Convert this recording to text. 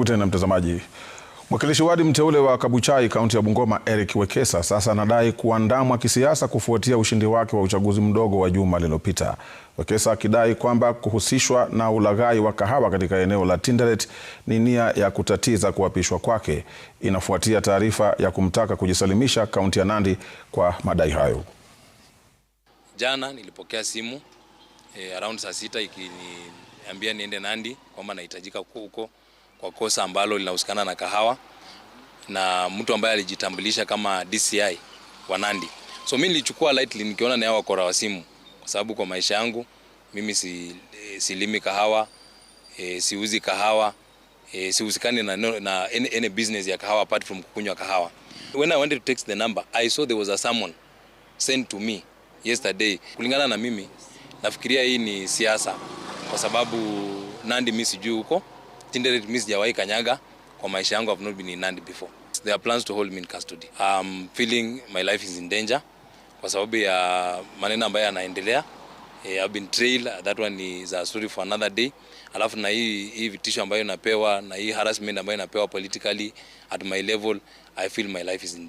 Karibu tena mtazamaji. Mwakilishi wadi mteule wa Kabuchai kaunti ya Bungoma Eric Wekesa sasa anadai kuandamwa kisiasa kufuatia ushindi wake wa uchaguzi mdogo wa juma lililopita. Wekesa akidai kwamba kuhusishwa na ulaghai wa kahawa katika eneo la Tinderet ni nia ya kutatiza kuapishwa kwake. Inafuatia taarifa ya kumtaka kujisalimisha kaunti ya Nandi kwa madai hayo. Jana nilipokea simu eh, around saa sita ikiniambia niende Nandi kwamba nahitajika huko kwa kosa ambalo linahusikana na kahawa na mtu ambaye alijitambulisha kama DCI wa Nandi. So mimi nilichukua lightly nikiona na yao wakora wa simu, kwa sababu kwa maisha yangu mimi si, e, silimi kahawa e, siuzi kahawa e, sihusikani na, na any, any business ya kahawa apart from kukunywa kahawa. When I wanted to text the number, I saw there was a someone sent to me yesterday. Kulingana na mimi nafikiria hii ni siasa, kwa sababu Nandi mimi sijui huko Tinderet mimi sijawahi kanyaga kwa maisha yangu, I've not been in land before. There are plans to hold me in custody. I'm feeling my life is in danger kwa sababu ya maneno ambayo yanaendelea. Eh, I've been trailed, that one is a story for another day. Alafu na hii hii vitisho ambayo napewa na hii harassment ambayo napewa politically at my level, I feel my life is in danger.